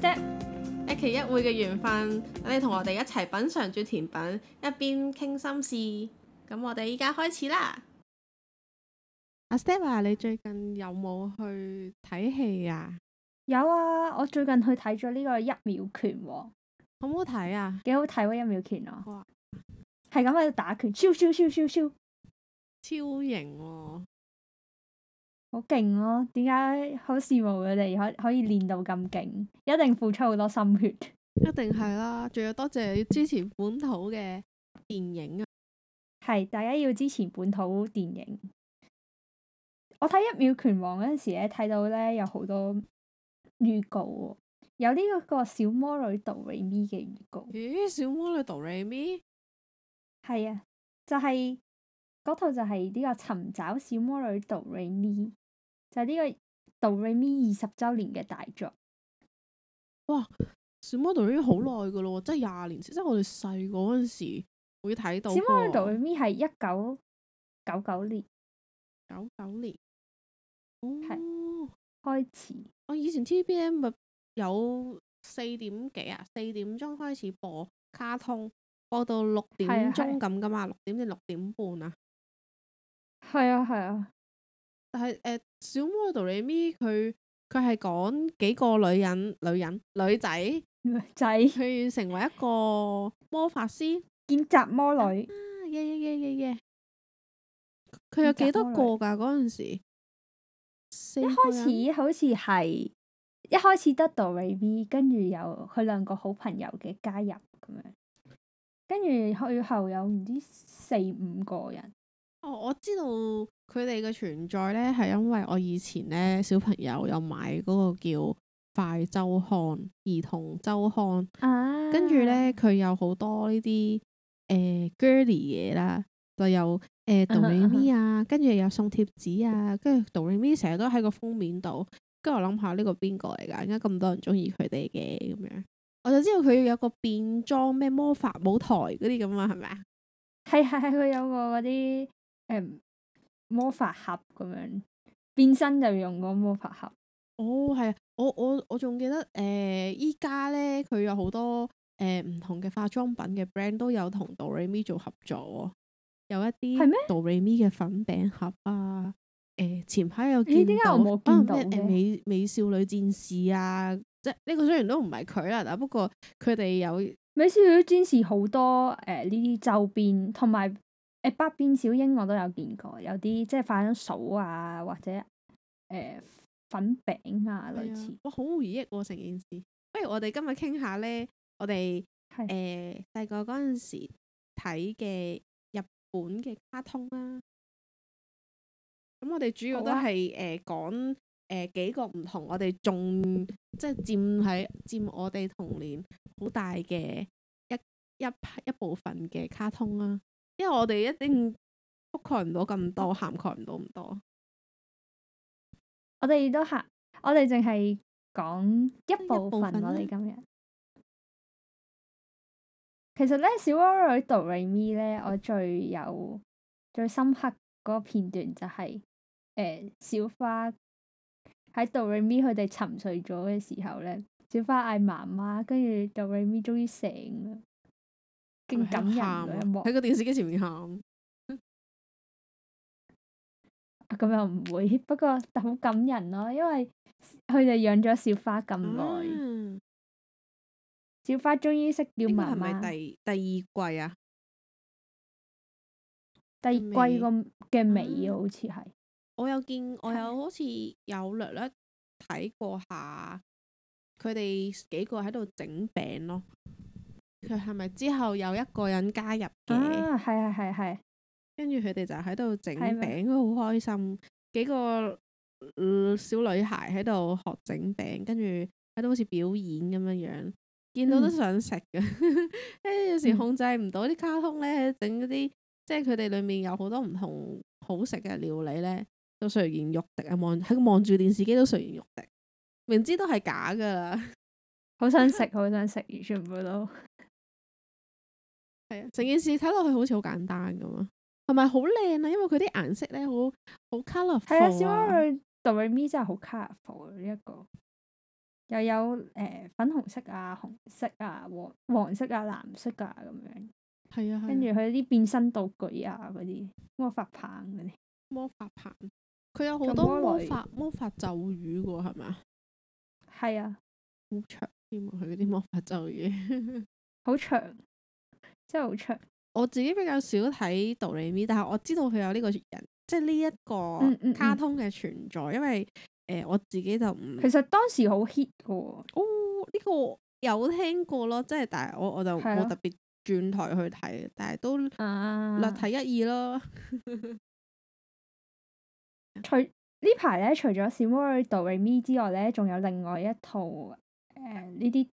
Step，一期一會嘅緣分，等你同我哋一齊品嘗住甜品，一邊傾心事。咁我哋依家開始啦。阿 Step，你最近有冇去睇戲啊？有啊，我最近去睇咗呢個一秒拳王喎，好唔好睇啊？幾好睇喎，一秒拳王啊！係咁喺度打拳，超超超超超超型喎！好勁咯，點解好羨慕佢哋可可以練到咁勁？一定付出好多心血， 一定係啦。仲要多謝支持本土嘅電影啊，係大家要支持本土電影。我睇一秒拳王嗰陣時咧，睇到咧有好多預告喎，有呢個個小魔女 DoReMi 嘅預告。咦？小魔女 DoReMi 係啊，就係、是。嗰套就係呢個尋找小魔女 DoReMi 就係呢個 DoReMi 二十週年嘅大作。哇！小魔女已經好耐噶咯，即係廿年前，即係我哋細個嗰陣時會睇到。小魔女 DoReMi 係一九九九年，九九年，哦，開始。我、哦、以前 TBM 咪有四點幾啊，四點鐘開始播卡通，播到六點鐘咁噶嘛，六點定六點半啊？係啊係啊，啊但係誒、呃，小魔女 DoReMi 佢佢係講幾個女人、女人、女仔、女仔，佢要成為一個魔法師、見習魔女啊！耶耶耶耶耶！佢有幾多個噶嗰陣時一？一開始好似係一開始得 DoReMi 跟住有佢兩個好朋友嘅加入咁樣，跟住去後有唔知四五個人。我知道佢哋嘅存在咧，係因為我以前咧小朋友有買嗰個叫快周刊、兒童周刊，啊、跟住咧佢有好多呢啲誒 girly 嘢啦，就有誒 DoReMi 啊呵呵，跟住又送貼紙啊，跟住 DoReMi 成日都喺個封面度。跟住我諗下呢個邊個嚟㗎？點解咁多人鍾意佢哋嘅咁樣？我就知道佢有個變裝咩魔法舞台嗰啲咁啊，係咪啊？係係佢有個嗰啲。誒，魔法盒咁樣，變身就用個魔法盒。哦，係啊，我我我仲記得誒，依家咧佢有好多誒唔、呃、同嘅化妝品嘅 brand 都有同 d o 咪做合作，哦，有一啲 d 咩？r e 咪嘅粉餅盒啊，誒嗎、呃、前排有見到啊，咩誒、呃、美美少女戰士啊，即呢、這個雖然都唔係佢啦，但不過佢哋有美少女戰士好多誒呢啲周邊，同、呃、埋。誒，百變、欸、小櫻我都有見過，有啲即係化妝掃啊，或者誒、呃、粉餅啊類似。啊、哇，好回憶喎、啊、成件事。不如我哋今日傾下咧，我哋誒細個嗰陣時睇嘅日本嘅卡通啦。咁我哋主要都係誒講誒幾個唔同，我哋仲即係佔喺佔我哋童年好大嘅一一一部分嘅卡通啦、啊。因為我哋一定覆蓋唔到咁多，涵蓋唔到咁多。我哋都吓，我哋淨係講一部分。我哋今日其實呢，《小魔女 Do Re Mi》咧，我最有最深刻嗰個片段就係、是、誒、呃、小花喺 Do Re Mi 佢哋沉睡咗嘅時候呢，小花嗌媽媽，跟住 Do Re Mi 終於醒啦。勁感人嗰一幕，喺個電視機前面喊，咁 又唔會，不過好感人咯、啊，因爲佢哋養咗小花咁耐，嗯、小花終於識叫媽媽。係咪第第二季啊？2 第二季個嘅尾好似係、嗯。我有見我有好似有略略睇過下，佢哋幾個喺度整餅咯。佢係咪之後有一個人加入嘅？啊，係係係係，跟住佢哋就喺度整餅，嗎都好開心。幾個，嗯、小女孩喺度學整餅，跟住喺度好似表演咁樣樣，見到都想食嘅，嗯 哎。有時控制唔到啲卡通咧，整嗰啲即係佢哋裏面有好多唔同好食嘅料理咧，都垂涎欲滴啊！望喺，望住電視機都垂涎欲滴，明知都係假㗎啦，好想食，好想食。完 全唔會都～係啊，成件事睇落去好似好簡單咁啊，係咪好靚啊？因為佢啲顏色咧，好好 colourful。係啊，小魔女 DoReMi 真係好 colourful 呢一個，又有誒、呃、粉紅色啊、紅色啊、黃黃色啊、藍色啊，咁樣。係啊，跟住佢啲變身道具啊，嗰啲魔法棒嗰啲。魔法棒，佢有好多魔法魔，魔法咒語噶，係嘛？係啊，好長添啊！佢啲魔法咒語好 長。真係好長，我自己比較少睇《DoReMi》，但係我知道佢有呢個人，即係呢一個卡通嘅存在。嗯嗯，因為誒、呃，我自己就唔其實當時好 hit 嘅。哦、呢、哦這個有聽過咯，即係但係我我就冇，啊、特別轉台去睇，但係都略睇一二咯。啊、 除呢排咧，除咗《小魔女 DoReMi》之外咧，仲有另外一套誒呢啲。呃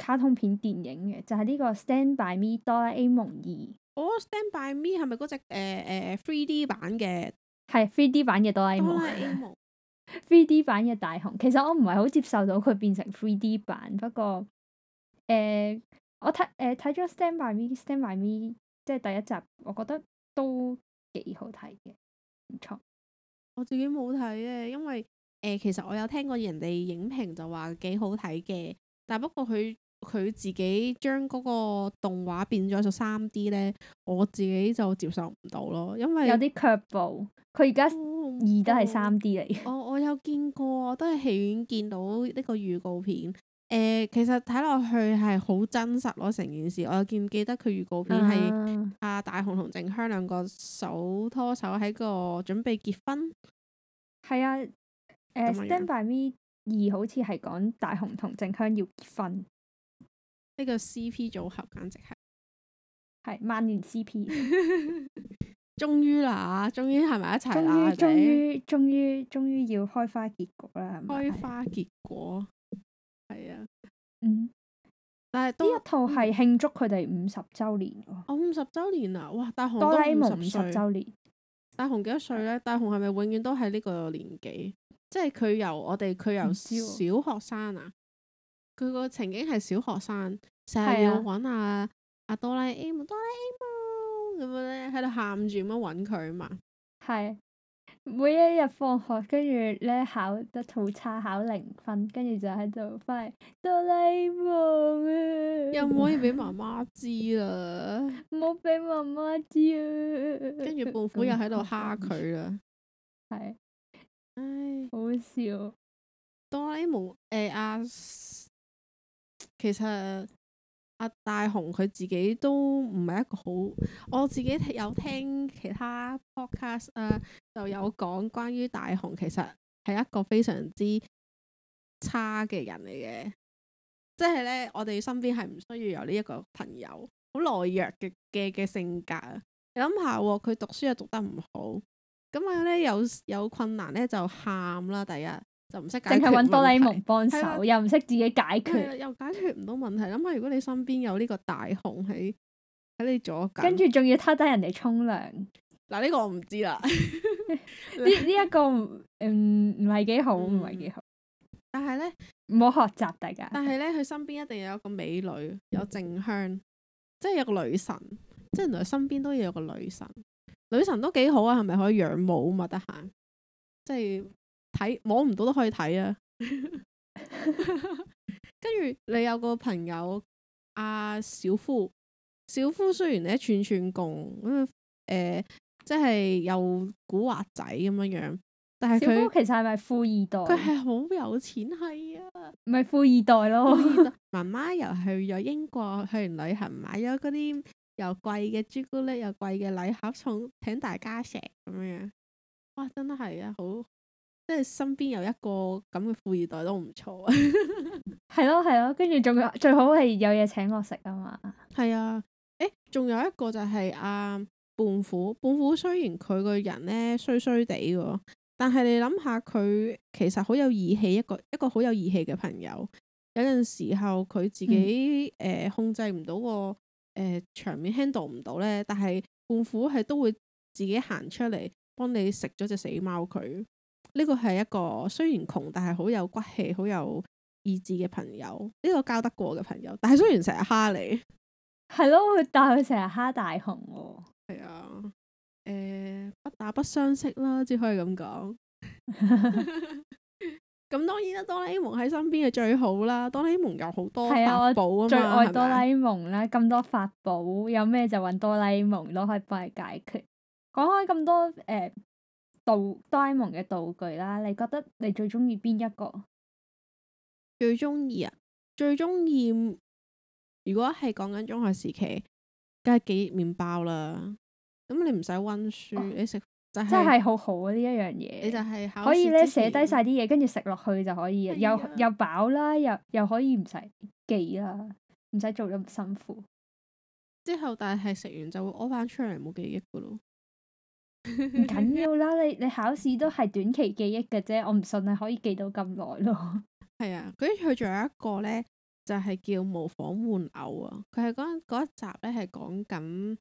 卡通片電影嘅就係、係、呢個 Stand By Me,《oh, Stand By Me 是是》哆啦 A 夢二。哦、呃，《Stand By Me》係咪嗰隻誒誒 3D 版嘅？係 3D 版嘅哆啦 A 夢。哆啦 A 夢。3D 版嘅大雄，其實我唔係好接受到佢變成 3D 版，不過誒、呃，我睇誒睇咗《呃、Stand By Me, Stand By Me》《Stand By Me》，即係第一集，我覺得都幾好睇嘅，唔錯。我自己冇睇嘅，因為誒、呃，其實我有聽過人哋影評就話幾好睇嘅，但不過佢。佢自己將嗰個動畫變咗做三 D 咧，我自己就接受唔到咯，因為有啲卻步，佢而家二都係三 D 嚟。我、哦、我有見過，我都喺戲院見到呢個預告片。誒、呃，其實睇落去係好真實咯，成件事。我有見記得佢預告片係阿、啊啊、大雄同靜香兩個手拖手喺個準備結婚。係啊，誒、呃、樣 Stand by me 二好似係講大雄同靜香要結婚。呢個 CP 組合簡直係係萬年 CP，終於啦，終於係埋一齊啦？終於終於終於要開花結果啦！開花結果係啊，嗯、哦，但係都一套係慶祝佢哋五十周年喎。我五十周年啊！哇，大雄都五十周年。大雄幾多歲咧？大雄係咪永遠都係呢個年紀？即係佢由我哋佢由小學生啊。佢個情景係小學生，成日要揾阿阿哆啦 A 夢，哆啦 A 夢咁樣咧，喺度喊住咁樣揾佢嘛。係每一日放學，跟住咧考得好差，考零分，跟住就喺度翻嚟哆啦 A 夢啊！ 又唔可以俾媽媽知啊！冇俾媽媽知啊！跟住胖虎又喺度蝦佢啦。係，唉，好笑哆啦 A 夢誒阿。其實阿大雄佢自己都唔係一個好，我自己有聽其他 podcast 啊，就有講關於大雄其實係一個非常之差嘅人嚟嘅，即係咧我哋身邊係唔需要有呢一個朋友，好懦弱嘅嘅嘅性格。你諗下啊，佢讀書又讀得唔好，咁啊咧有有困難咧就喊啦，第一。就唔識解決問題，淨係搵多啦 A 夢幫手，了又唔識自己解決，又解決唔到問題。諗下，如果你身邊有呢個大雄喺喺你左，跟住仲要偷睇人哋沖涼。嗱，呢、這個我唔知啦。呢呢一個唔唔唔係幾好，唔係幾好。但係咧，唔好學習大家。但係咧，佢身邊一定要有一個美女，嗯、有靜香，即係有個女神，即係原來身邊都要有個女神。女神都幾好啊，係咪可以仰慕啊嘛？得閒，即係。睇，摸唔到都可以睇啊！ 跟住你有個朋友阿、啊、小夫，小夫雖然咧串串共咁樣，呃，即係又古惑仔咁樣樣，但係小夫其實係咪富二代？佢係好有錢係啊，唔係富二代咯！媽媽又去咗英國去完旅行，買咗嗰啲又貴嘅朱古力，又貴嘅禮盒送請大家食咁樣。哇！真係啊，好～即係身邊有一個咁嘅富二代都唔錯啊， 係咯係咯，跟住仲要最好係有嘢請我食啊嘛。係啊，誒，仲有一個就係啊，胖虎。胖虎雖然佢個人咧衰衰地嘅，但係你諗下，佢其實好有義氣，一個一個好有義氣嘅朋友。有陣時候佢自己誒、嗯呃、控制唔到個誒、呃、場面 handle 唔到咧，但係胖虎係都會自己行出嚟幫你食咗隻死貓佢。呢個係一個雖然窮，但係好有骨氣、好有意志嘅朋友，呢個交得過嘅朋友。但係雖然成日蝦你，係咯，但係佢成日蝦大雄。係啊，誒，不打不相識啦，只可以咁講。咁當然啦，哆啦 A 夢喺身邊嘅最好啦。哆啦 A 夢有好多法寶，最愛哆啦 A 夢啦，咁多法寶，有咩就搵哆啦 A 夢都可以幫你解決。講開咁多誒。d 呆萌嘅道具啦，你覺得你最中意邊一個？最中意啊！最中意。如果係講緊中學時期，梗係記麪包啦。咁你唔使溫書，哦、你食、就是、真係好好啊！呢一樣嘢，你就係可以咧寫低晒啲嘢，跟住食落去就可以、啊又，又又飽啦，又又可以唔使記啦，唔使做咁辛苦。之後，但係食完就會屙翻出嚟，冇記憶噶咯。唔緊要啦，你你考試都係短期記憶嘅啫，我唔信你可以記到咁耐咯。係 啊，跟住佢仲有一個呢，就係、是、叫模仿玩偶啊。佢係嗰一集呢，係講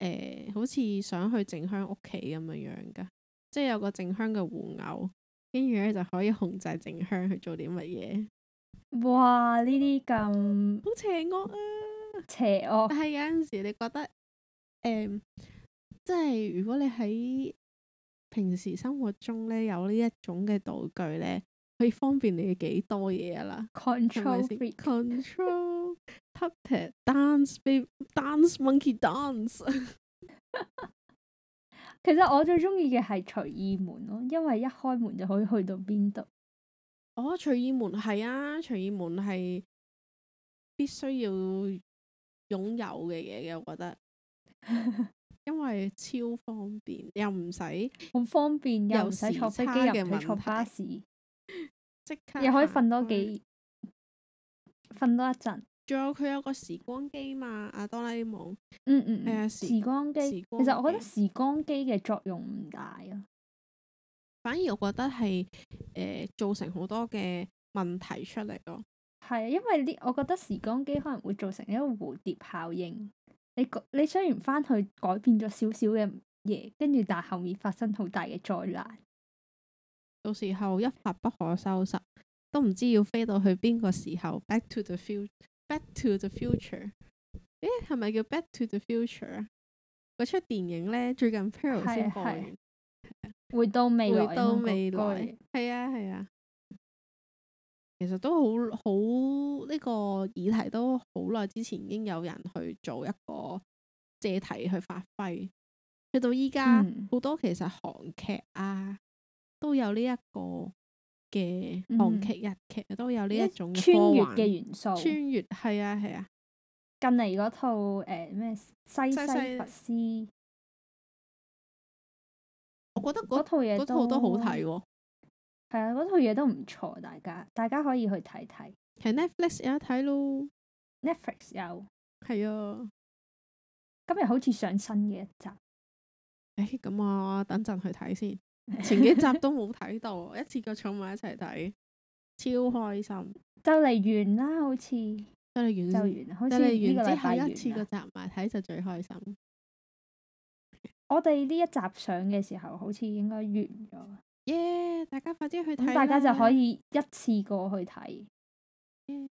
緊好似想去靜香屋企咁樣樣噶，即係有個靜香嘅玩偶，跟住呢，就可以控制靜香去做啲乜嘢。哇！呢啲咁好邪惡啊！邪惡惡，但係有陣時你覺得、嗯即係如果你喺平時生活中咧有呢一種嘅道具咧，可以方便你幾多嘢啦。Control free control tap pad dance be dance monkey dance。Mon 其實我最中意嘅係隨意門咯，因為一開門就可以去到邊度。哦，隨意門係啊，隨意門係必須要擁有嘅嘢嘅，我覺得。 因為超方便，又唔使，好方便，又唔使坐飛機，又唔使坐巴士，即刻又可以瞓多幾瞓多一陣。仲有佢有個時光機嘛，阿哆啦 A 夢，嗯嗯，時，時光機，光機。其實我覺得時光機嘅作用唔大啊，反而我覺得係誒、呃、造成好多嘅問題出嚟咯。係啊，因為呢，我覺得時光機可能會造成一個蝴蝶效應。你你雖然翻去改變咗少少嘅嘢，跟住但係後面發生好大嘅災難。到時候一發不可收拾，都唔知要飛到去邊個時候。Back to the fut，u r e Back to the future，誒係咪叫 Back to the future 啊？嗰出電影呢，最近 Pearl 先播完，回 到未來，回到未來，係啊係啊。其實都好好，呢個議題都好耐之前已經有人去做一個借題去發揮，去到依家好多其實韓劇啊都有呢一個嘅韓劇、日劇、嗯、都有呢一種穿越嘅元素。穿越係啊係啊，啊近嚟嗰套誒咩、呃、西西弗斯西西，我覺得嗰套嘢都，都好睇喎、哦。係啊，嗰套嘢都唔錯，大家大家可以去睇睇。係 Net Netflix 有得睇咯，Netflix 有，係啊。今日好似上新嘅一集。誒、欸，咁我、啊、等陣去睇先。前幾集都冇睇到， 一次過坐埋一齊睇，超開心。 就嚟完啦，好似。就嚟完，就完，好似呢個係一次個集埋睇就最開心。 我哋呢一集上嘅時候，好似應該完咗。耶！Yeah, 大家快啲去睇，大家就可以一次過去睇。誒、yeah.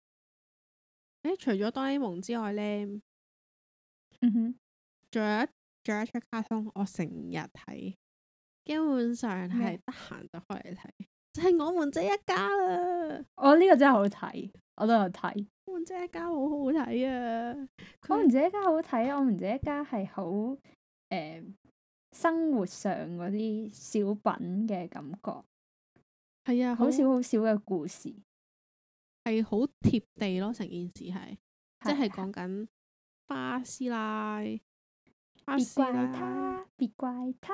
欸，除咗哆啦 A 夢之外咧，嗯哼，仲有一，仲有一出卡通，我成日睇，基本上係得閒就開嚟睇。嗯、就係我們這一家啦。我呢個真係好睇，我都有睇，啊。我們這一家好好睇啊！我們這一家好睇，我們這一家係好誒。生活上嗰啲小品嘅感覺，係啊，好少好少嘅故事，係好貼地咯。成件事係，的即係講緊巴師奶。別怪他，別怪他。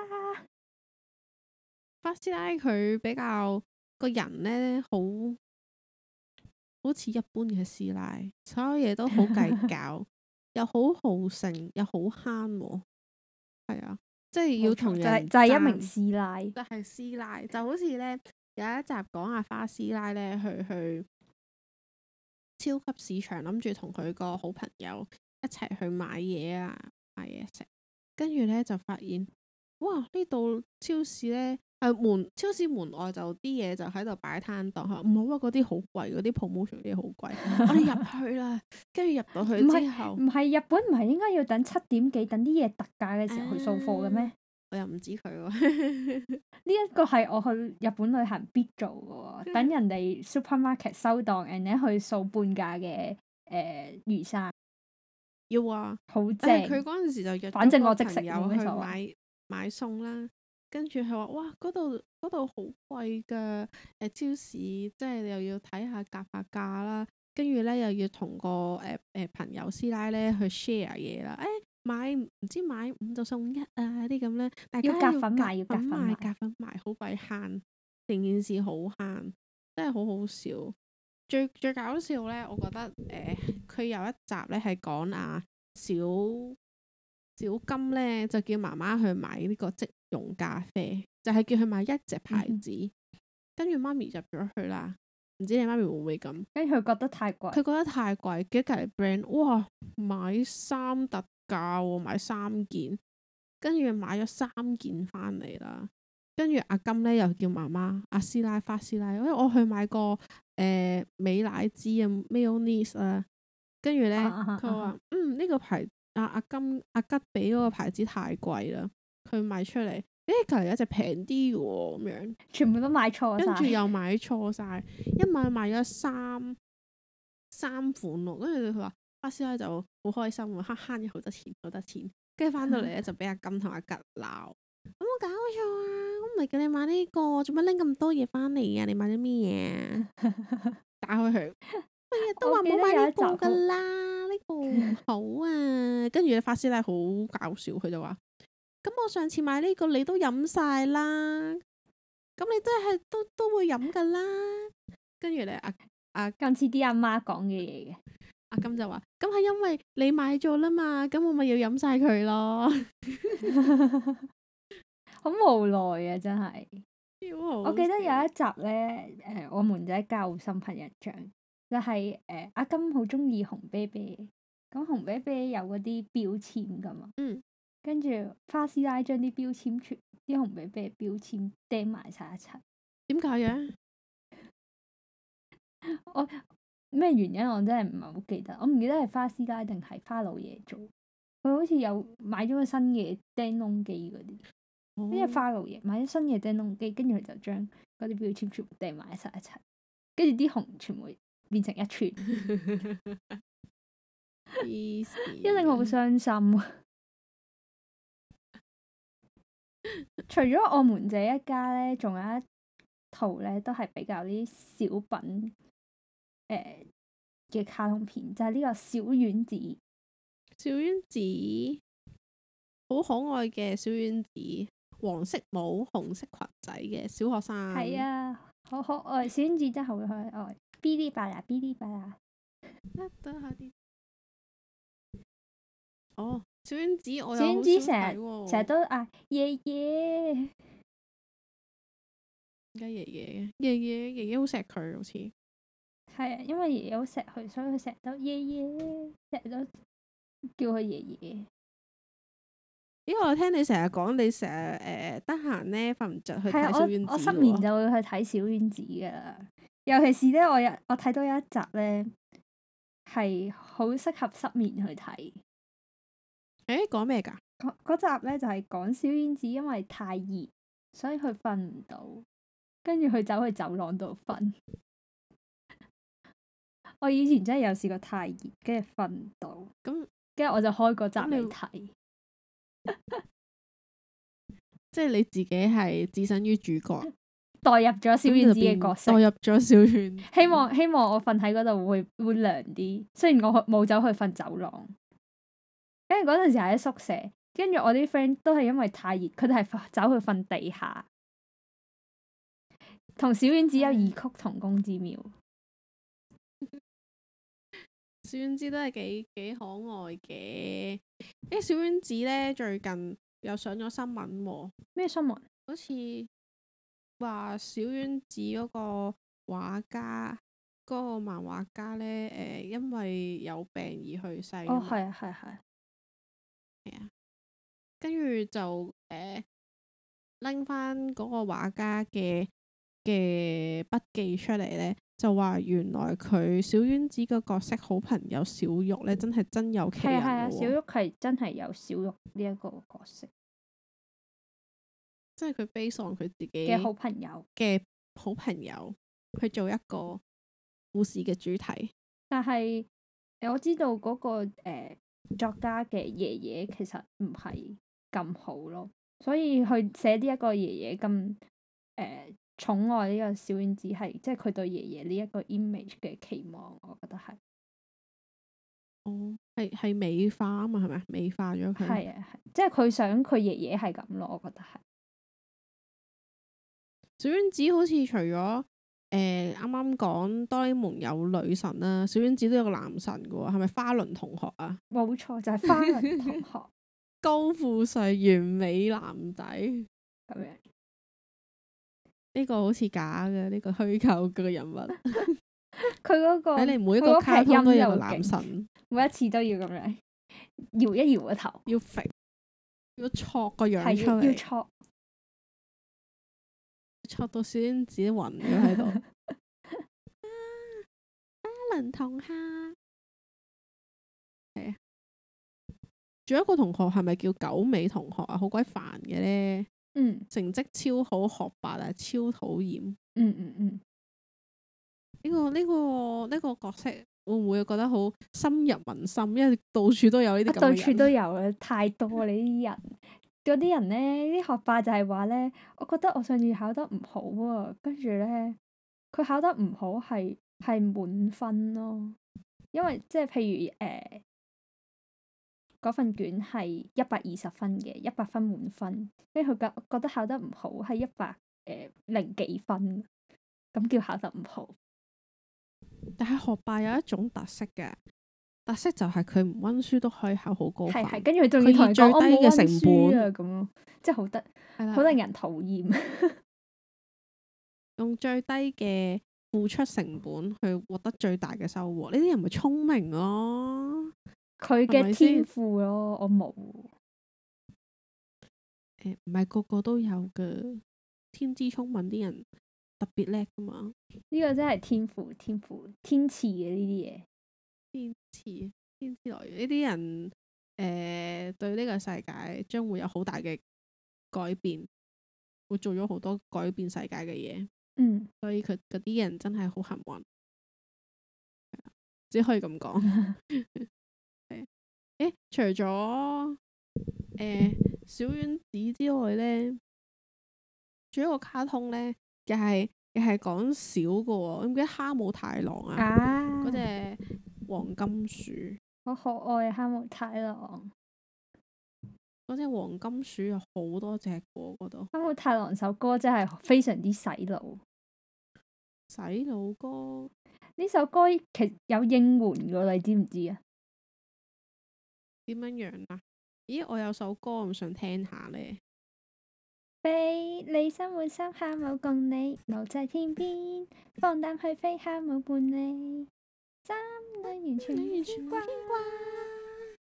巴師奶佢比較個人呢，好好似一般嘅師奶，所有嘢都好計較 又好，又好豪盛，又好慳，係啊。即係要同人，像人，就係一名師奶，就係師奶， 就好似呢。有一集講阿花師奶呢，去去超級市場，諗住同佢個好朋友一齊去買嘢啊，買嘢食，跟住呢，就發現，嘩，呢度超市呢？」誒、啊，門超市門外就啲嘢，就喺度擺攤檔，唔、嗯、好 啊！嗰啲好貴，嗰啲 promotion 啲嘢好貴。我哋入去啦，跟住入到去之後，唔係日本唔係應該要等七點幾，等啲嘢特價嘅時候去掃貨嘅咩？我又唔知佢喎。呢一個係我去日本旅行必做嘅、哦，等人哋 supermarket 收檔 ，and 去掃半價嘅誒魚生。要啊說，好正棒！佢嗰陣時就約，反正我即食有朋去買買餸啦。跟住佢話，哇！嗰度嗰度好貴㗎，誒、呃、超市即係又要睇下夾下價啦，跟住咧又要同個誒誒、呃呃、朋友師奶咧去 share 嘢啦，誒、哎、買唔知買五就送一啊啲咁咧，大家要夾份買，要夾份買，夾份買，好鬼慳，成件事好慳，真係好好笑。最最搞笑咧，我覺得誒佢、呃、有一集咧係講啊小小金咧就叫媽媽去買呢個即。用咖啡就係、是、叫佢買一隻牌子，跟住、嗯、媽咪入咗去啦，唔知你媽咪會唔會咁？跟佢覺得太貴，佢覺得太貴，跟住隔籬 brand，哇，買三特價喎、哦，買三件，跟住買咗三件翻嚟啦。跟住阿金呢，又叫媽媽，阿師奶、法師奶，哎，我去買個誒、呃、美奶滋啊，Mayonnaise 啊，跟住呢，佢話、啊、哈嗯呢、這個牌，阿、啊、阿金阿吉比嗰個牌子太貴啦。佢賣出嚟，咦、欸？隔籬有隻平啲喎，咁樣全部都買錯，跟住又買錯晒， 一買買咗三三款喎。跟住佢話：花師奶就好開心喎，慳慳咗好多錢，好多錢。跟住翻到嚟咧， 就俾阿金同阿吉鬧。有冇 搞錯啊！我唔係叫你買呢、這個，做乜拎咁多嘢翻嚟啊？你買咗咩嘢？ 打開佢。都話冇買呢個㗎啦，呢、 這個唔 好啊。跟住花師奶好搞笑，佢就話。咁我上次買呢、這個你都飲晒啦，咁你都係都都會飲噶啦，跟住咧阿阿今次啲阿媽講嘅嘢嘅，阿、啊、金就話：，咁係因為你買咗啦嘛，咁我咪要飲晒佢咯， 好無奈啊！真係， 我記得有一集咧，誒、呃，我門仔教新朋友獎，就係、是、誒、呃，阿金好中意紅啤啤，咁紅啤啤有嗰啲標籤噶嘛，嗯。跟住花師奶將啲標籤全啲紅尾俾標籤掟埋晒一齊，點解嘅？ 我咩原因我真係唔係好記得，我唔記得係花師奶定係花老爺做。佢好似有買咗個新嘅釘窿機嗰啲，因為、哦、花老爺買咗新嘅釘窿機，跟住佢就將嗰啲標籤全部掟埋晒一齊，跟住啲紅全部變成一串， 一定好傷心啊。除咗我們這一家呢，仲有一套呢，都係比較啲小品嘅、呃、卡通片，就係、是、呢個小丸子。小丸子，好可愛嘅小丸子，黃色帽、紅色裙仔嘅小學生。係啊，好可愛，小丸子真係好可愛。嗶哩吧啦，嗶哩吧啦，啊等下啲哦。小丸子，我有小丸子。成日成日都啊，爺爺，點解爺爺，爺爺，爺爺好錫佢，好似係啊，因為爺爺好錫佢，所以佢成日都爺爺，成日都叫佢爺爺。咦？我聽你成日講，你成日誒得閒咧瞓唔着去睇小丸子。我失眠就會去睇小丸子噶啦，尤其是咧，我有我睇到有一集咧，係好適合失眠去睇。誒，講咩噶？嗰集咧就係、是、講小丸子因為太熱，所以佢瞓唔到，跟住佢走去走廊度瞓。 我以前真係有試過太熱，跟住瞓唔到，咁跟住我就開嗰集嚟睇。你 即係你自己係置身於主角， 代入咗小丸子嘅角色，代入咗小丸。希望希望我瞓喺嗰度會會涼啲，雖然我冇走去瞓走廊。因為嗰陣時係喺宿舍，跟住我啲 friend 都係因為太熱，佢哋係走去瞓地下，同小丸子有異曲同工之妙。 小丸子都係幾幾可愛嘅。誒、欸，小丸子呢，最近又上咗新聞喎、哦，咩新聞？好似話小丸子嗰個畫家，嗰、個漫畫家呢、呃，因為有病而去世。哦，係啊，係啊，係啊。跟住就誒，拎翻嗰個畫家嘅嘅筆記出嚟呢，就話原來佢小丸子嘅角色好朋友小玉呢，真係真有其人。係啊，小玉係真係有小玉呢一個角色，即係佢悲傷佢自己嘅好朋友嘅好朋友去做一個故事嘅主題。但係我知道嗰個誒。呃作家嘅爺爺其實唔係咁好咯，所以佢寫呢一個爺爺咁誒、呃、寵愛呢個小丸子，係即係佢對爺爺呢一個 image 嘅期望，我覺得係。哦，係係美化啊嘛，係咪美化咗佢？係啊，即係佢想佢爺爺係咁咯，我覺得係。小丸子好似除咗。誒，啱啱講哆啦 A 夢有女神啦、啊，小丸子都有個男神噶、啊、喎，係咪花輪同學啊？冇錯，就係、是、花輪同學， 高富帥完美男仔咁樣。呢 個好似假嘅，呢、這個虛構嘅人物。佢嗰、 那個，你 每一個卡通都有個男神， 每一次都要咁樣搖一搖個頭，要肥，要挫個樣出嚟。坐到小丸子暈咗喺度，阿阿倫同學，仲有一個同學係咪叫丸尾同學啊？好鬼煩嘅呢，嗯、成績超好，學霸啊，超討厭，嗯嗯嗯，呢、這個呢、這個呢、這個角色會唔會覺得好深入民心？因為到處都有呢，啲、啊、到處都有啊， 太多你啲人。嗰啲人咧，啲學霸就係話咧，我覺得我上次考得唔好啊、哦，跟住咧，佢考得唔好係係滿分咯，因為即係譬如誒嗰、呃、份卷係一百二十分嘅，一百分滿分，跟住佢覺覺得考得唔好係一百誒零幾分，咁叫考得唔好。但係學霸有一種特色嘅。特色就係佢唔溫書都可以考好高分，係係，跟住佢仲要同人講我冇溫書啊咁咯，即係好得，好的令人討厭。 用最低嘅付出成本去獲得最大嘅收穫，呢啲人咪聰明咯、啊。佢嘅天、啊、天賦咯，我冇。誒、呃，唔係個個都有噶，天資聰明啲人特別叻噶嘛。呢個真係天賦、天賦、天賜嘅呢啲嘢。天之天賜來，呢啲人誒、呃、對呢個世界將會有好大嘅改變，會做咗好多改變世界嘅嘢。嗯，所以佢嗰啲人真係好幸運，只可以咁講。 誒，除咗誒、呃、小丸子之外咧，仲有一個卡通咧，又係又係講少嘅喎，唔記得哈姆太郎啊，嗰隻、啊。那個黃金鼠好可愛，哈姆太郎嗰隻黃金鼠有好多隻個嗰度。哈姆太郎首歌真係非常之洗腦，洗腦歌，呢首歌其實有應援噶，你知唔知啊？點樣樣啊？咦，我有首歌唔想聽下呢。俾你心換心，哈姆共你留在天邊，放膽去飛，哈姆伴你。三萬完全無關，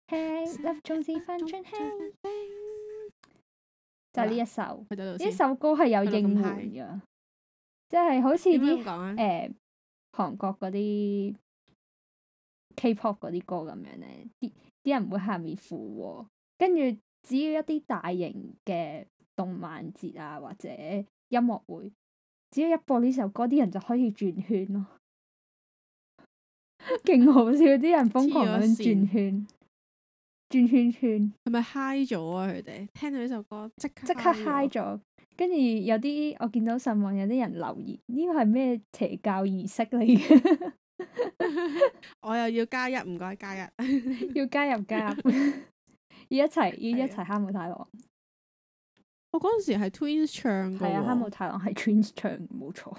聽、hey, Love 總是泛着冰，就呢戀 Hey. 一首呢首歌係有應援噶，即係好似啲誒韓國嗰啲 K-pop 嗰啲歌咁樣咧，啲啲人會喺下面附和，跟住只要一啲大型嘅動漫節啊，或者音樂會，只要一播呢首歌，啲人就可以轉圈咯。勁好笑，啲人瘋狂咁轉圈，轉圈圈，係咪 high 咗啊？佢哋聽到呢首歌即即刻 high 咗我，跟住有啲我見到上網有啲人留言，呢個係咩邪教儀式嚟？ 我又要加入，唔該加入， 要加入加入， 要一齊要一齊哈姆太郎。我嗰陣時係 Twins 唱，係啊，哈姆太郎係 Twins 唱，冇錯。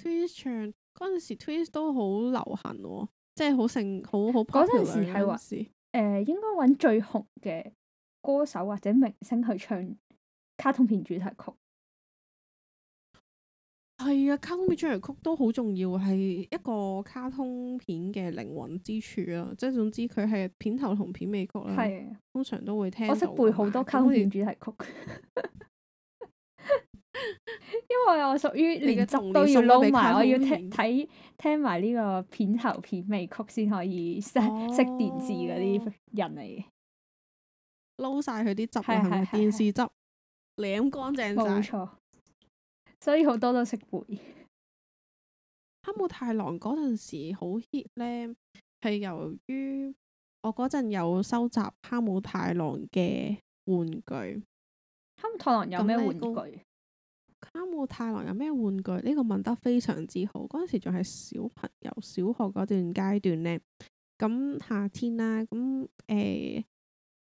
Twins 唱嗰陣時，Twins 都好流行喎。即係好盛，好好嗰陣時係話，誒、呃，應該揾最紅嘅歌手或者明星去唱卡通片主題曲。係啊，卡通片主題曲都好重要，係一個卡通片嘅靈魂之處啊！即係總之，佢係片頭同片尾曲啦。係啊，通常都會聽。我識背好多卡通片主題曲。 因為我屬於連汁都要撈埋，我要聽睇聽埋呢個片頭片尾曲先可以識識、哦、電視嗰啲人嚟嘅，撈晒佢啲汁啊，電視汁舐乾淨晒，冇錯，所以好多都識背。哈姆太郎嗰陣時好 hit 咧，係由於我嗰陣有收集哈姆太郎嘅玩具。哈姆太郎有咩玩具？哈姆太郎有咩玩具？呢、呢個問得非常之好，嗰陣時仲係小朋友小學嗰段階段呢。咁夏天啦，咁誒、欸，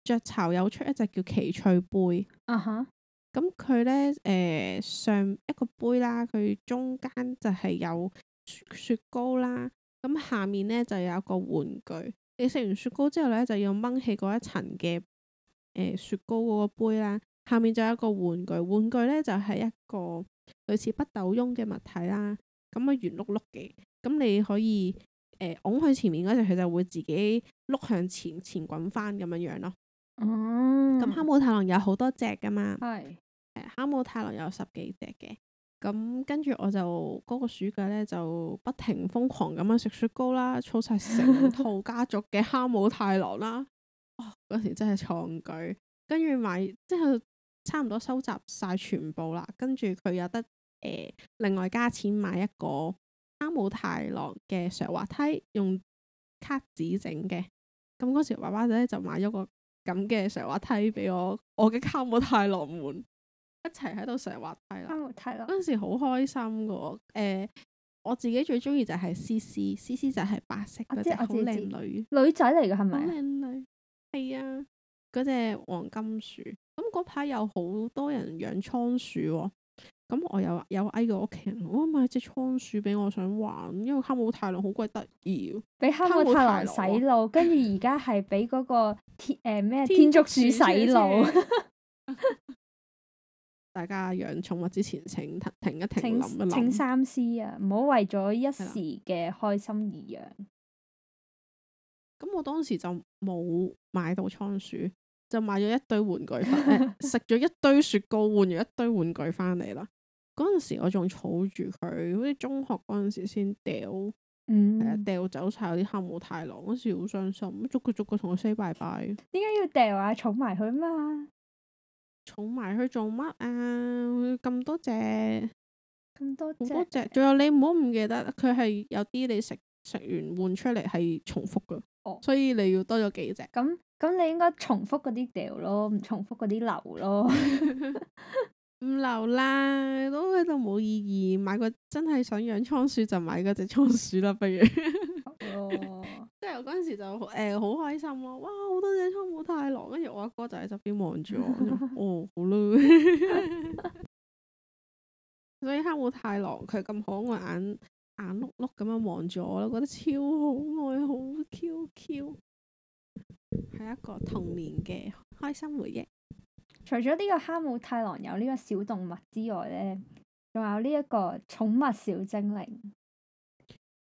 雀巢有出一隻叫奇趣杯。啊咁佢呢，誒、欸，上一個杯啦，佢中間就係有雪雪糕啦。咁下面呢，就有一個玩具，你食完雪糕之後呢，就要掹起嗰一層嘅誒雪糕嗰個杯啦。下面仲有一個玩具，玩具咧就係、是、一個類似不倒翁嘅物體啦，咁樣圓碌碌嘅，咁你可以誒拱佢前面嗰陣，佢就會自己碌向前前滾翻咁樣樣咯。哦、嗯，咁哈姆太郎有好多隻噶嘛，係是，誒哈姆太郎有十幾隻嘅，咁跟住我就嗰、那個暑假咧就不停瘋狂咁樣食雪糕啦，儲晒成套家族嘅哈姆太郎啦，哇嗰、 哦、時真係創舉，跟住買之後。差唔多收集晒全部啦，跟住佢有得誒、呃，另外加錢買一個卡姆太郎嘅上滑梯，用卡紙整嘅。咁嗰時爸爸咧就買咗個咁嘅上滑梯俾我，我嘅卡姆太郎們一齊喺度上滑梯啦。卡姆太郎嗰陣時好開心噶，誒、嗯啊，我自己最中意就係 C C，C C 就係白色嗰隻好靚女女仔嚟嘅，係咪好靚女？係啊，嗰隻黃金鼠。咁嗰排有好多人養倉鼠，咁我有有嗌過屋企人，我買隻倉鼠俾我想玩，因為哈姆太郎好鬼得意，俾哈姆太郎洗腦，跟住而家係俾嗰個天誒咩、呃、天竺鼠洗腦。大家養寵物之前，請停一停，諗一諗，請，請三思啊，唔好為咗一時嘅開心而養。咁的我當時就冇買到倉鼠。就買咗一堆玩具，嚟， 食咗一堆雪糕，換咗一堆玩具翻嚟啦。嗰陣 時我仲儲住佢，好似中學嗰陣時先掉，嗯，掉、呃、走晒。有啲哈姆太郎嗰時好傷心，逐個逐個同我 say 拜拜。點解要掉啊？儲埋佢啊嘛！儲埋佢做乜啊？咁多隻，咁多隻，仲有你唔好唔記得，佢係有啲你食食完換出嚟係重複噶。Oh. 所以你要多咗幾隻，咁，咁你應該重複嗰啲掉咯，唔重複嗰啲 留咯，唔留啦，都喺度冇意義。買個真係想養倉鼠就買嗰隻倉鼠啦，不如。哦、 oh. 即係我嗰陣時就誒好、欸、開心咯、啊,哇好多隻倉鼠太郎，跟住我阿哥就喺側邊望住我， 哦好啦， 所以黑毛太郎佢咁好我眼。眼碌碌咁樣望住我咯，我覺得超可愛，好 Q Q，係一個童年嘅開心回憶。除咗呢個哈姆太郎有呢個小動物之外呢，仲有呢一個寵物小精靈。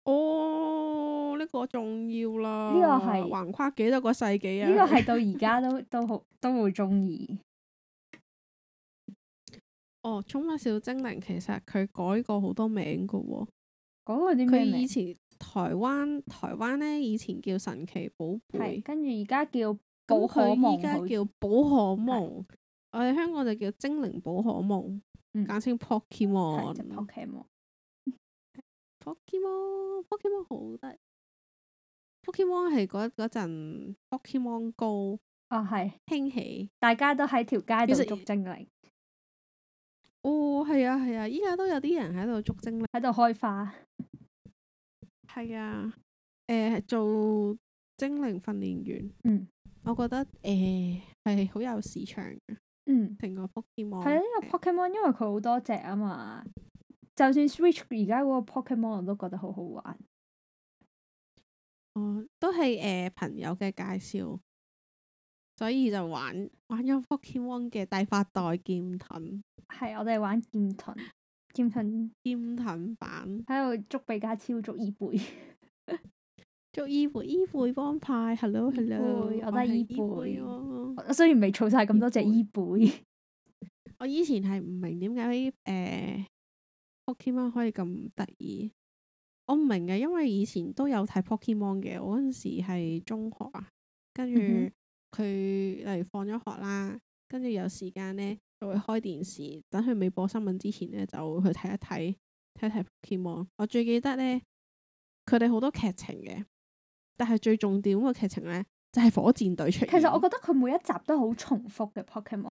哦，呢個重要啦，呢個係橫跨幾多個世紀啊！呢個係到而家都 都好都會中意。哦，寵物小精靈其實佢改過好多名噶喎、哦。佢以前台灣台灣咧，以前叫神奇寶貝，跟住而家叫寶可夢。咁依家叫寶可夢，是我哋香港就叫精靈寶可夢，簡稱、嗯、Pokemon、就是、Pokem on Pokemon Pokémon 好得 Pokemon 係嗰嗰陣 Pokemon Go，啊，係興起，大家都喺條街度捉精靈。哦，係啊，係啊，依家、啊、都有啲人喺度捉精靈，喺度開花。係啊，誒、呃，做精靈訓練員，嗯，我覺得誒係好有市場嘅，嗯，定個 Pokemon，係呢、嗯啊，這個 Pokemon，因為佢好多隻啊嘛，就算 Switch 而家嗰個 Pokemon 我都覺得好好玩，哦，都係誒、呃、朋友嘅介紹，所以就玩玩咗 Pokemon 嘅第八代劍盾，係、啊、我哋玩劍盾。劍盾劍盾版喺度捉比卡超捉伊貝，捉伊貝伊貝幫派，hello hello，, hello 我伊貝，我、哦、雖然未儲晒咁多隻伊貝。背 我以前係唔明點解啲誒，Pokemon 可以咁得意，我唔明嘅，因為以前都有睇 Pokemon 嘅，我嗰陣時係中學啊，跟住佢例如放咗學啦，跟住有時間咧。就會開電視，等佢未播新聞之前呢，就去睇一睇睇睇 Pokemon。我最記得呢，佢哋好多劇情嘅，但係最重點個劇情呢，就係、是、火箭隊出現。其實我覺得佢每一集都好重複嘅 Pokemon。誒、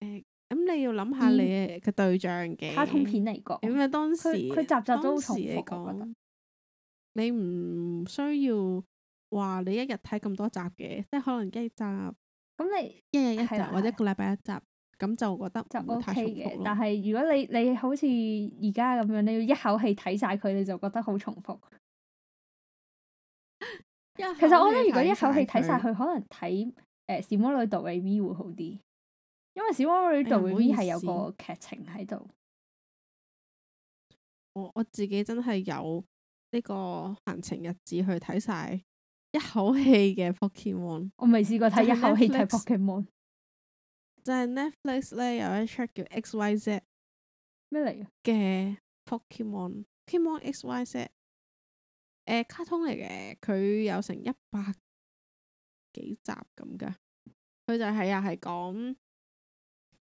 欸、咁、嗯、你要諗下你嘅對象嘅、嗯、卡通片嚟講，咁啊當時佢集集都重複，我覺得你唔需要話你一日睇咁多集嘅，即係可能一集。咁你一日一集或者個禮拜一集，咁的就覺得會就 O K 嘅。但係如果你你好似而家咁樣，你要一口氣睇晒佢，你就覺得好重複。 口氣 其實我覺得如果一口氣睇晒佢，可能睇《誒小魔女 DoReMi》會好啲，因為《小魔、哎、女 DoReMi》係有個劇情喺度。我我自己真係有呢個閒情日子去睇晒。一口氣嘅《Pokémon》，我未試過睇一口氣睇《Pokémon》。就係 Netflix 咧，有一出叫《X Y Z》咩嚟嘅《Pokémon》，《Pokémon X Y Z》，誒卡通嚟嘅，佢有成一百幾集咁噶。佢就係又係講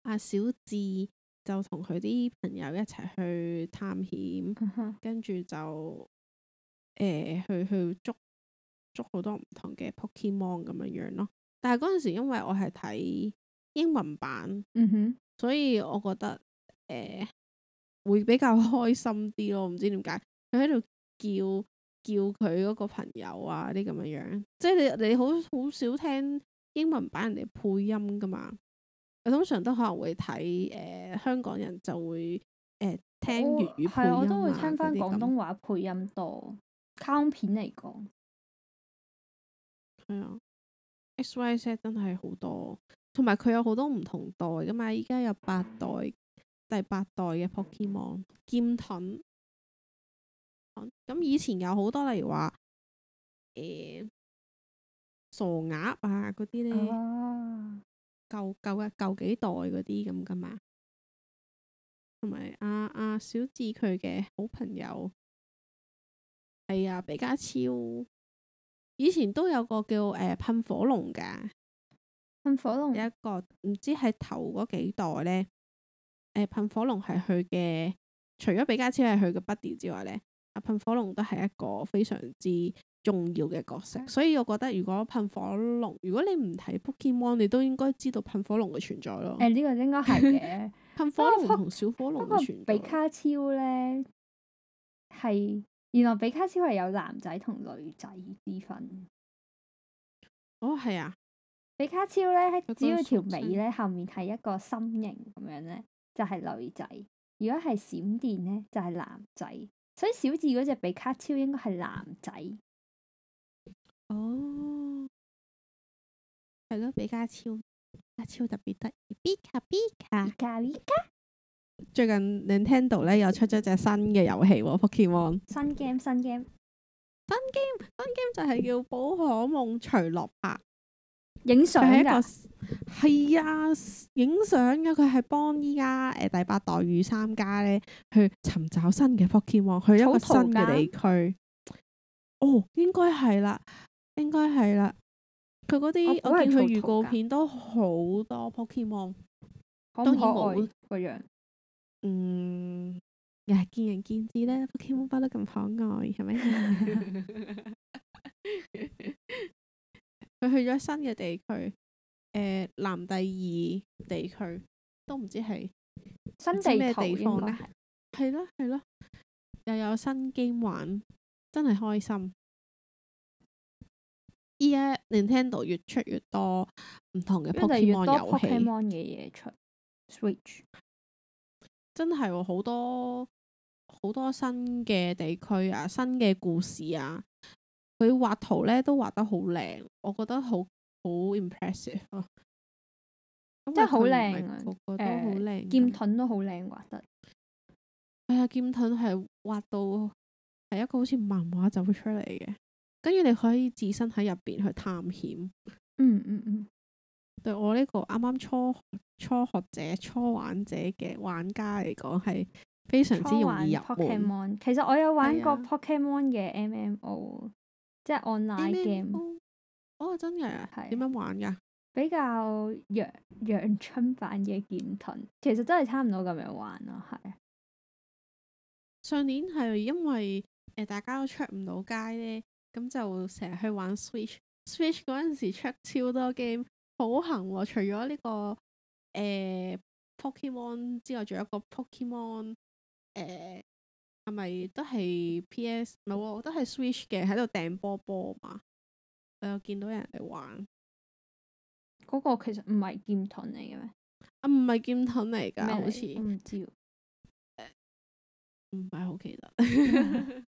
阿小智就同佢啲朋友一齊去探險，嗯、哼跟住就誒、呃、去去捉。好多唔同嘅 Pokemon 咁樣樣咯，但係嗰陣時因為我係睇英文版，嗯、哼所以我覺得誒、呃、會比較開心啲咯。唔知點解佢喺度叫叫佢嗰個朋友啊啲咁樣樣，即係你你好好少聽英文版人哋配音㗎嘛，我通常都可能會睇誒、呃、香港人就會誒、呃、聽粵語、啊，係、哦、我都會聽返廣東話配音多卡通些片嚟講。係啊，X Y Z 真係好多，同埋佢有好多唔同代噶嘛。依家有八代，第八代嘅 Pokemon 劍盾。咁、啊、以前有好多，例如話、欸、傻鴨啊嗰啲呢，舊舊啊舊幾代嗰啲咁噶嘛。同埋阿阿小智佢嘅好朋友，係啊，比卡超。以前都有個叫誒噴火龍嘅，噴火龍有一個唔知係頭嗰幾代咧，誒噴火龍係佢嘅除咗比卡超係佢嘅 buddy 之外咧，阿噴火龍都係一個非常之重要嘅角色，嗯、所以我覺得如果噴火龍如果你唔睇 Pokemon，你都應該知道噴火龍嘅存在咯。誒呢、嗯這個應該係嘅，噴 火龍同小火龍嘅存在，比卡超咧係。原來比卡超係有男仔同女仔之分，哦，係啊，比卡超咧只要條尾咧後面係一個心形咁樣咧就係女仔，如果係閃電咧就係男仔，所以小智嗰隻比卡超應該係男仔，哦，係咯比卡超，比卡超特別得意，比卡比卡比卡比卡。最近 Nintendo 咧又出咗隻新嘅遊戲喎，Pokemon 新 game 新 game 新 game 新 game 就係叫寶可夢除落拍影相一個係呀影相嘅。佢係幫依家誒第八代御三家咧去尋找新嘅 Pokemon 去一個新嘅地區哦應該係啦應該係啦佢嗰啲我見佢預告片都好多 Pokemon 可,可愛個樣。嗯，又係見仁見智咧。Pokemon 都咁可愛，係咪？ 佢去咗新嘅地區，誒，南第二地區，都唔知係新咩地，地方咧？係啦係啦，又 有，有新 game 玩，真係開心。依家 Nintendo 越出越多唔同嘅 Pokemon 遊戲，Pokemon 嘅嘢出 Switch。真係喎、哦，好多好多新嘅地區啊，新嘅故事啊，佢畫圖咧都畫得好靚，我覺得好好 impressive 啊！真係好靚啊！我覺得好靚，劍盾都好靚畫得。係啊、哎，劍盾係畫到係一個好似漫畫走出嚟嘅，跟住你可以置身喺入邊去探險。嗯嗯嗯。嗯嗯。對我呢個啱啱初學初學者、初玩者嘅玩家嚟講，係非常之容易入門。Pokemon, 其實我有玩過 Pokemon 嘅 MMO, 的是 MMO，即係 online game。哦，真嘅，點是樣玩㗎？比較陽陽春版嘅劍盾，其實真係差唔多咁樣玩咯。係上年係因為誒、呃、大家都出唔到街咧，咁就成日去玩 Switch。Switch 嗰陣時出超多 game。好行喎、啊！除咗呢、這個、欸、Pokemon 之外，仲有一個 Pokemon 誒、欸，係咪都係 PS？唔係喎，我都係 Switch 嘅，喺度掟波波嘛。我有見到人哋玩嗰個，其實唔係劍盾嚟嘅咩？啊，唔係劍盾嚟噶，好似像唔知，唔係好記得。奇 mm hmm.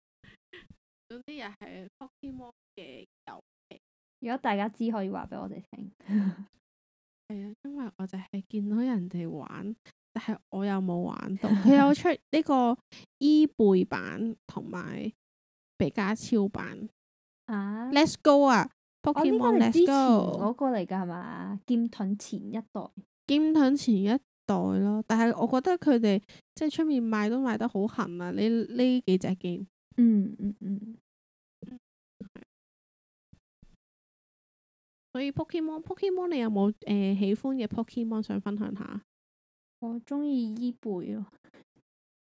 總之又係 Pokemon 嘅遊戲。如果大家知可以話俾我哋聽，係 啊，因為我就係見到人哋玩，但係我又冇玩到。佢 有出呢、這個伊貝版同埋比加超版啊。Let's go 啊，Pokemon、哦那個、Let's go 個。個嗰個嚟噶係嘛？劍盾前一代，劍盾前一代咯。但係我覺得佢哋即係出面賣都賣得好痕啊！呢呢幾隻 game 嗯嗯嗯。嗯嗯所以 Pokemon，Pokemon 你有冇誒、呃、喜歡嘅 Pokemon 想分享下？我中意伊貝哦、啊，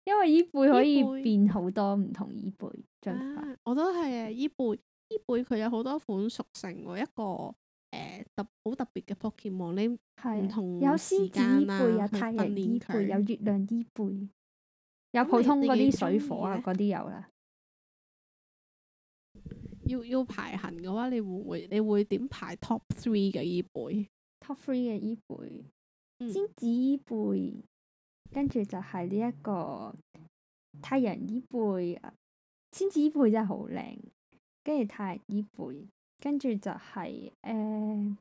因為伊貝可以變好多唔同伊貝進化。伊貝？啊、我都係誒伊貝，伊貝佢有好多款屬性喎，一個誒、呃、特好特別嘅 Pokemon。你係唔同有獅子伊貝、有太陽伊貝、有月亮伊貝，有普通嗰啲水火啊嗰啲有啦。要要排行嘅話，你會唔會？你會點排 top three 嘅伊貝？top three 嘅伊貝，嗯、仙子伊貝，跟住就係呢一個太陽伊貝。仙子伊貝真係好靚，跟住太陽伊貝，跟住就係誒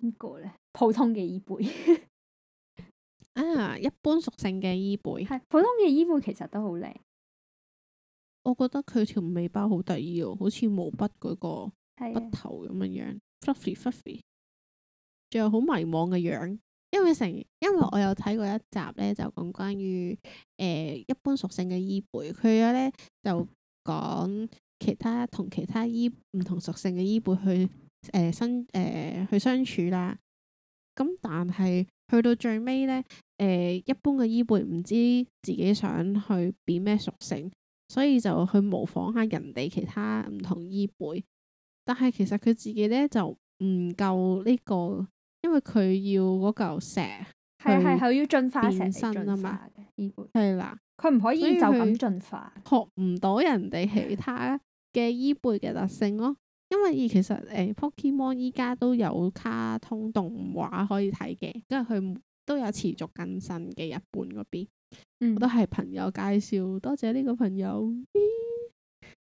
邊個咧？普通嘅伊貝啊，一般屬性嘅伊貝係普通嘅伊貝，其實都好靚。我覺得佢條尾巴好得意哦，好似毛筆嗰個筆頭咁樣樣的，fluffy fluffy，仲有好迷惘嘅樣。因為成，因為我有睇過一集呢，就講關於誒、呃、一般屬性嘅伊貝，佢有呢，就講其他同其他伊唔同屬性嘅伊貝去誒相誒去相處啦。咁、嗯、但係去到最尾呢，誒、呃、一般嘅伊貝唔知自己想去變咩屬性。所以就去模仿下人哋其他唔同伊貝，但係其實佢自己咧就唔夠呢個，因為佢要嗰嚿石，係係係要進化成啊嘛，伊貝係啦，佢唔可以就咁進化，學唔到人哋其他嘅伊貝嘅特性咯。因為其實誒、呃，Pokemon 依家都有卡通動畫可以睇嘅，咁佢都有持續更新嘅日本嗰邊。我都係朋友介紹，多謝呢個朋友。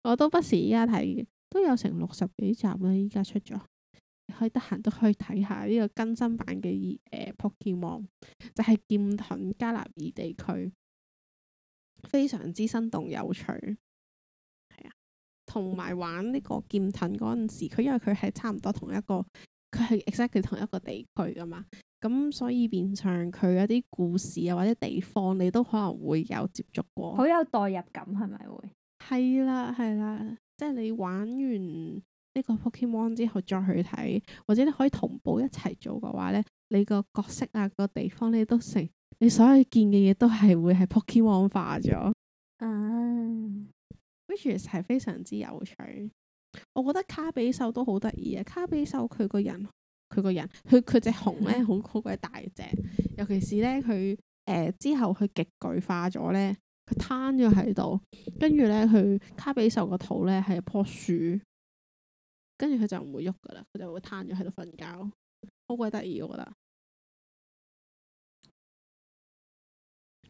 我都不時依家睇嘅，都有成六十幾集啦。依家出咗，可以得閒都可以睇下呢個更新版嘅誒、呃、，Pokemon 就係劍盾加納爾地區，非常之生動有趣。同埋玩呢個劍盾嗰陣時，佢因為佢係差唔多同一個，佢係 exactly 同一個地區噶嘛。咁所以變相佢一啲故事啊，或者地方你都可能會有接觸過，好有代入感係咪會？係啦係啦，即係你玩完呢個 Pokemon 之後再去睇，或者你可以同步一齊做嘅話呢，你個角色啊、個地方你都成，你所有見嘅嘢都係會係 Pokemon 化咗。嗯，which is 係非常之有趣。我覺得卡比獸都好得意啊，卡比獸佢個人。佢個人，佢佢隻熊咧，好好鬼大隻，尤其是咧，佢誒、呃、之後佢極巨化咗咧，佢攤咗喺度，跟住咧佢卡比獸個肚咧係一樖樹，跟住佢就唔會喐噶啦，佢就會攤咗喺度瞓覺，好鬼得意，我覺得。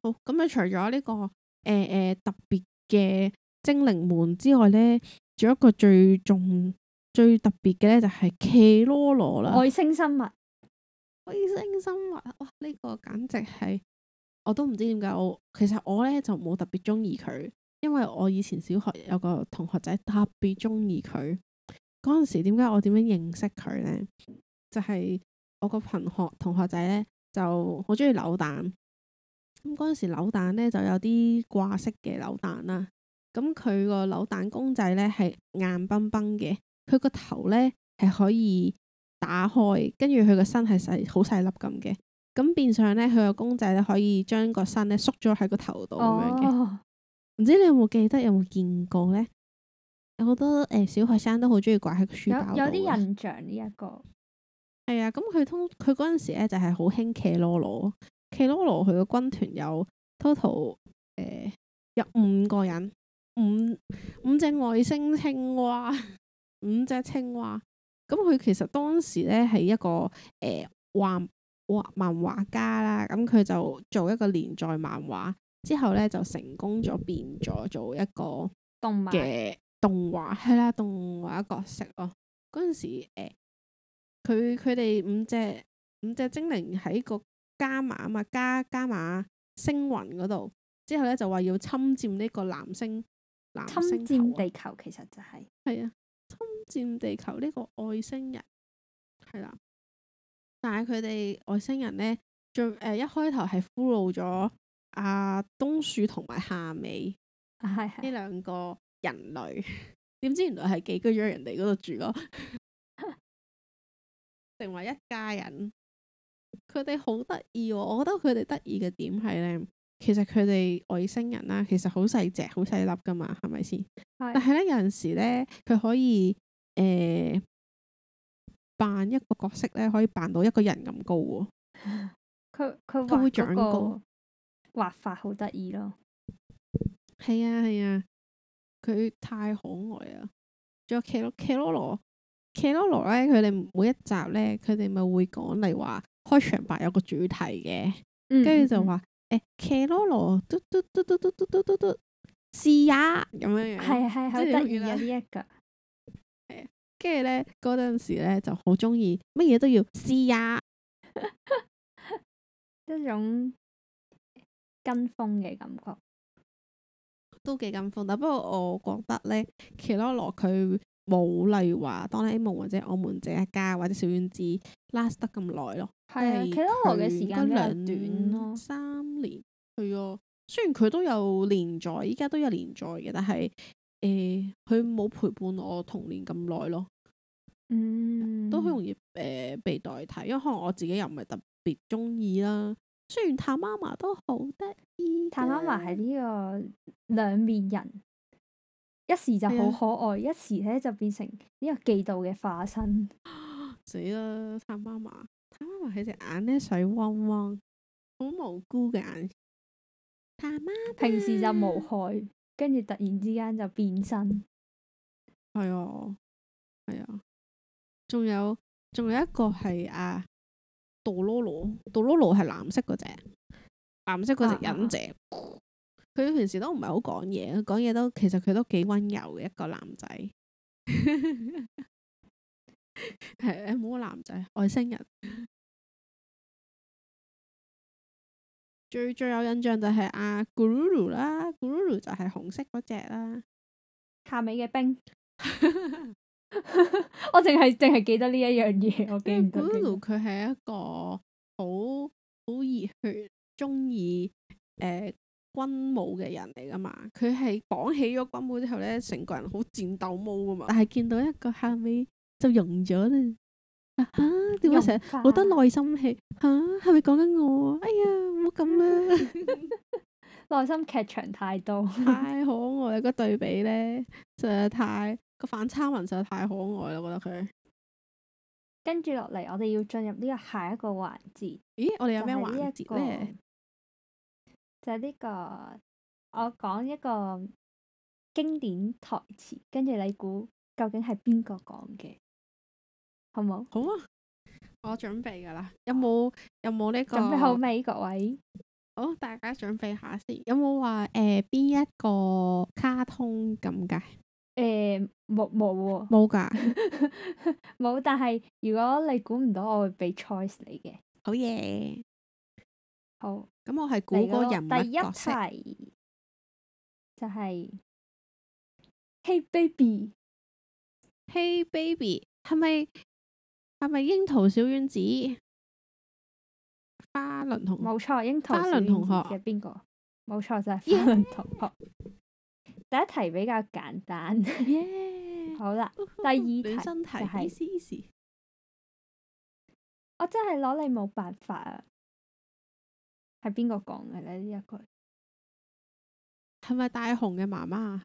好咁啊！除咗呢、這個誒誒、呃呃、特別嘅精靈門之外咧，仲有一個最重。最特別嘅呢就係 Keroro 啦，外星生物，外星生物，哇！呢、這個簡直係我都唔知點解。我其實我呢就冇特別中意佢，因為我以前小學有個同學仔特別中意佢。嗰陣時點解我點樣認識佢呢？就係、是、我個同學同學仔呢就好中意扭蛋，咁嗰陣時扭蛋呢就有啲掛式嘅扭蛋啦。咁佢個扭蛋公仔呢係硬崩崩嘅。佢個頭呢係可以打開，跟住佢個身係細好細粒咁嘅，咁變相呢，佢個公仔呢可以將個身呢縮咗喺個頭度咁樣嘅。唔知你有冇記得有冇見過呢？好多誒小學生都好中意掛喺書包度。有啲印象呢一個。係啊，咁佢通佢嗰陣時呢就係好興騎羅羅，騎羅羅佢個軍團有 total 有五個人，五五隻外星青蛙。五隻青蛙，咁、嗯、佢其實當時咧係一個誒畫畫漫畫家啦，咁、嗯、佢就做一個連載漫畫，之後咧就成功咗變咗做一個嘅動畫物，係啦，動畫角色咯。嗰陣時誒，佢佢哋五隻五隻精靈喺個加馬啊嘛，加加馬星雲嗰度，之後咧就話要侵佔呢個藍星，藍星、啊、侵佔地球，其實就係，係啊。侵占地球，呢個外星人係啦，但係佢哋外星人呢，最誒、呃、一開頭係俘虜咗阿冬樹同埋夏美，呢的兩個人類，點 知原來係寄居咗人哋嗰度住咯， 成為一家人。佢哋好得意，我覺得佢哋得意嘅點係呢？其實佢哋外星人啦，其實好細隻，好細粒噶嘛，係咪先？的但係咧，有陣時咧，佢可以誒、呃、扮一個角色咧，可以扮到一個人咁高喎。佢佢佢會長高，畫法好得意咯。係啊係啊，佢太可愛啊！仲有 Keroro Keroro 咧，佢哋每一集咧，佢哋咪會講嚟話開場白有個主題嘅，跟住、嗯嗯、就話。誒，Keroro 嘟嘟嘟嘟嘟嘟嘟嘟嘟，試吓咁樣樣，係係好得意啊呢一個，跟住咧嗰陣時咧就好中意乜嘢都要試吓，一種跟風嘅感覺，都幾跟風，但不過我覺得咧，Keroro 佢冇例如話《哆啦 A 夢》或者《我們這一家》或者《小丸子》last 得咁耐咯。係啊，佢都耐嘅時間又短兩，三年係啊。雖然佢都有連載，依家都有連載嘅，但係誒，佢、呃、冇陪伴我童年咁耐咯。嗯，都好容易誒、呃、被代替，因為可能我自己又唔係特別中意啦。雖然探媽媽都好得意，探媽媽係呢個兩面人，一時就好可愛，嗯、一時咧就變成呢個嫉妒嘅化身。死啦！ 探媽媽。啱啱話佢隻眼咧水汪汪，好無辜嘅眼。怕嗎？平時就無害，跟住突然之間就變身。係啊、嗯、係、嗯、啊。仲、嗯嗯、有仲有一個係啊，杜囉囉，杜囉囉係藍色嗰隻，藍色嗰隻忍者。佢、啊啊呃、平時都唔係好講嘢，講嘢都其實佢都幾溫柔嘅一個男仔。 係誒，冇個男仔外星人， 最最有印象就係阿 Guru 啦，Guru 就係紅色嗰隻啦，夏美嘅兵 我淨係淨係記得呢一樣嘢，因為 Guru 佢係一個好好熱血、中意誒軍帽嘅人嚟噶嘛，佢係綁起咗軍帽之後呢，成個人好戰鬥毛噶嘛， 但係見到一個夏美。就融咗啦！吓、啊，點解成日好多內心戲？吓、啊，係咪講緊我？哎呀，唔好咁啦！內 心劇場太多，太可愛個對比咧，實在太個反差萌實在太可愛啦！我覺得佢跟住落嚟，我哋要進入呢個下一個環節。咦，我哋有咩環節咩？就呢個、這個麼這個，我講一個經典台詞，跟住你估究竟係邊個講嘅？好，好啊，我準備噶啦。有冇有冇呢個？準備好未，各位？好，大家準備下先。有冇話誒，邊、呃、一個卡通咁噶？誒、呃，冇冇喎，冇噶、哦，冇的。 但係如果你估唔到，我會俾 choice 你嘅。好嘢耶，好。咁我係估嗰人。第一題，就係，Hey baby，Hey baby，係咪？Hey baby，是係咪櫻桃小丸子？花輪同學，冇錯，櫻桃小丸子嘅邊個？冇錯，就係花輪同學。第一題比較簡單，Yeah! 好啦。第二題就係、是，我真係攞你冇辦法啊！係邊個講嘅咧？呢一句係咪大雄嘅媽媽？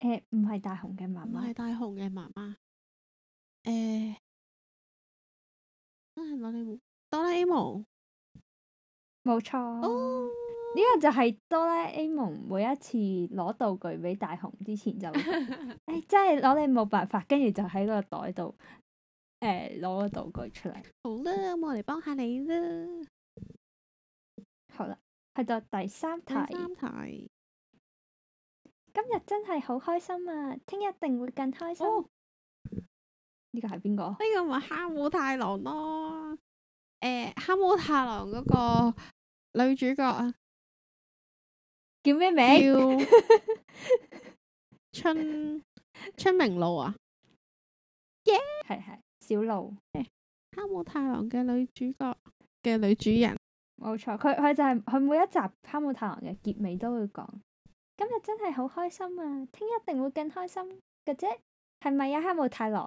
誒、欸，唔係大雄嘅媽媽，唔係大雄嘅媽媽。誒，真係攞你冇哆啦 A 夢，冇 錯。呢錯、oh! 個就係哆啦 A 夢每一次攞道具俾大雄之前就，誒、 哎，真係攞你冇辦法，跟住就喺個袋度，誒、呃，攞個道具出嚟。好啦，咁我嚟幫下你啦。好啦，去到第三題。第三題。今日真係好開心啊！聽日一定會更開心。Oh! 呢、啊欸、個係邊個？呢個咪《哈姆太郎》咯，誒，《哈姆太郎》嗰個女主角啊，叫咩名？春春明路啊，耶，係係小露，《哈姆太郎》嘅女主角嘅女主人，冇錯，佢佢就係佢每一集《哈姆太郎》嘅結尾都會講：今日真係好開心啊，聽日一定會更開心嘅啫，係咪啊，《哈姆太郎》？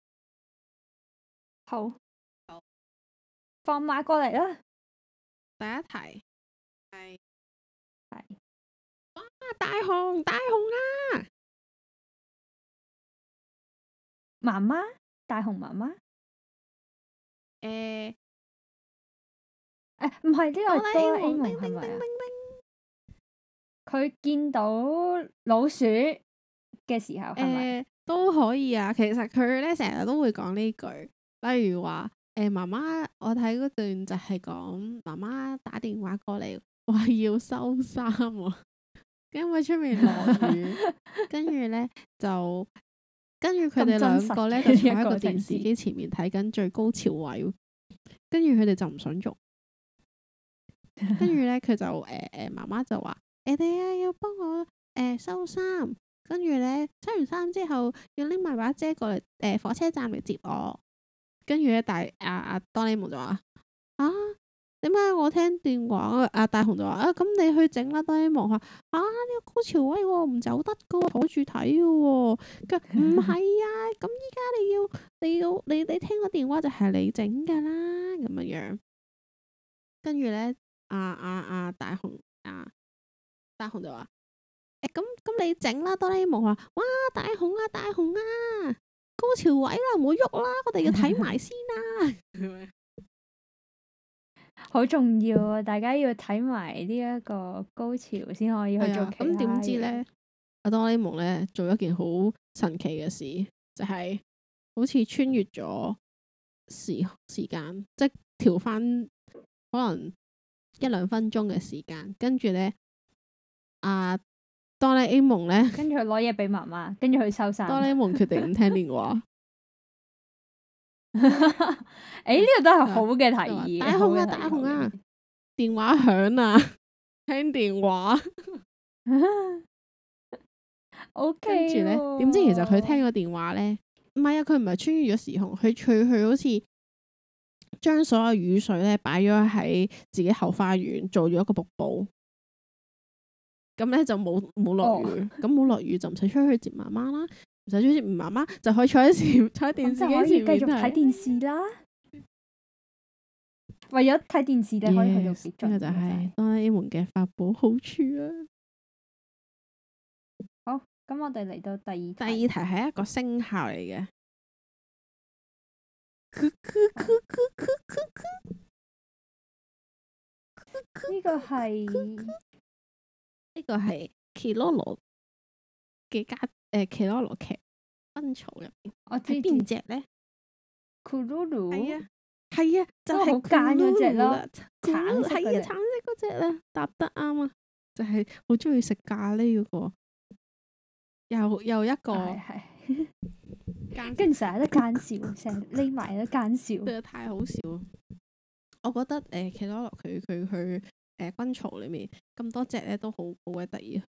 好，放馬過嚟啦！第一題係係大雄，大雄啊，媽媽大雄媽媽，誒唔係呢個哆啦 A 夢係咪啊？佢見到老鼠嘅時候，係咪？都可以啊。其實佢咧成日都會講呢句。例如話，誒、欸，媽媽，我睇嗰段就係講，媽媽打電話過嚟，話要收衫啊，因為出面落雨， 跟住咧就跟住佢哋兩個咧就坐喺個電視機前面睇緊最高潮位，跟住佢哋就唔想喐，跟住咧佢就誒誒，媽、欸、媽就話、欸，你哋啊要幫我誒、欸、收衫，跟住咧收完衫之後要拎埋把遮過嚟，誒、欸、火車站嚟接我。跟住咧，大阿阿哆啦 A 夢就話，啊，點解、啊、我聽電話？阿、啊、大雄就話，啊，咁你去整啦，哆啦 A 夢話，啊，呢、這個高潮威喎、哦，唔走得噶，坐住睇噶。佢唔係啊，咁依家你要你要你你聽個電話就係你整噶啦，咁樣樣。跟住咧，啊啊啊，大雄，阿、啊、大雄就話，誒、欸，咁咁你整啦，哆啦 A 夢話，哇，大雄啊，大雄啊！高潮位啦，唔好喐啦，我哋要睇埋先啦。好重要，啊，大家要睇埋呢一個高潮先可以去做其他咁點、 啊、知呢？阿哆啦 A 夢呢，做咗件好神奇嘅事，就係、是、好似穿越咗時時間，即係調翻可能一兩分鐘嘅時間，跟住呢。啊！哆啦 A 夢咧，跟住佢攞嘢俾媽媽，跟住佢收晒。哆啦 A 夢決定唔聽電話。哎，呢個都係好嘅提議。大雄啊，大雄啊，電話響啊，聽電話。 o、okay、K、哦。跟住咧，點知其實佢聽個電話咧，唔係啊，佢唔係穿越咗時空，佢佢佢好似將所有雨水咧擺咗喺自己後花園，做咗一個瀑布。咁咧、嗯、就冇冇落雨，咁冇落雨就唔使出去接媽媽啦，唔使出去接媽媽就可以坐喺視坐喺電視，可以繼續睇電視啦。 為咗睇電視，你可以去到別作。呢個 Yes, 就係哆啦 A 夢嘅法寶好處啦、啊。好，咁我哋嚟到第二題。第二題係一個聲效嚟嘅。呢個係。呢個係奇洛洛嘅家，誒、呃，奇洛洛劇軍曹入面，我睇係邊隻咧？咕嚕嚕係啊，係啊，就係奇羅羅咯，啊啊、uru 橙係啊，橙色嗰隻啦，搭得啱啊，就係好中意食咖喱嗰、那個，又又一個，係跟住成日都奸笑，成日匿埋都奸笑，對太好笑，我覺得誒、呃，奇洛洛佢佢佢。誒軍曹裏面咁多隻咧，都好好鬼得意啊！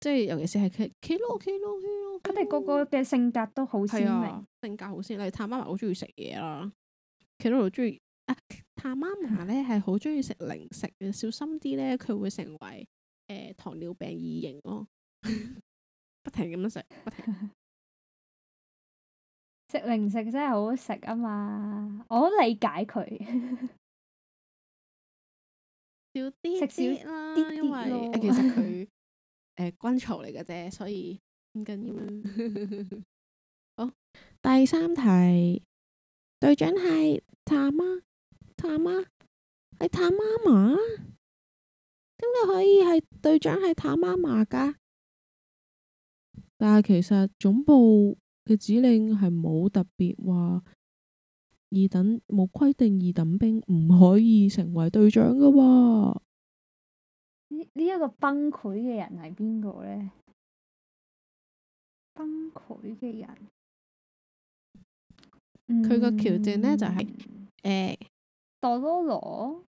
即係尤其是係佢佢哋個個嘅性格都好鮮明，啊、性格好鮮。例如探媽媽好中意食嘢啦 Kilo 中意啊。探媽媽咧係好中意食零食嘅， 小心啲咧，佢會成為誒、呃、糖尿病二型咯 不。不停咁樣食，不停食零食真係好好食啊嘛！我好理解佢。 少啲，食少啲，因為其實佢，誒軍曹嚟嘅啫，所以唔緊要啦。 好，第三題，隊長係探媽探媽係探媽媽，點解可以係隊長係探媽媽噶？但係其實總部嘅指令係冇特別話。二等冇規定，二等兵唔可以成為隊長噶。呢呢一個崩潰嘅人係邊個呢？崩潰嘅人，佢個橋段呢就係誒，多羅羅，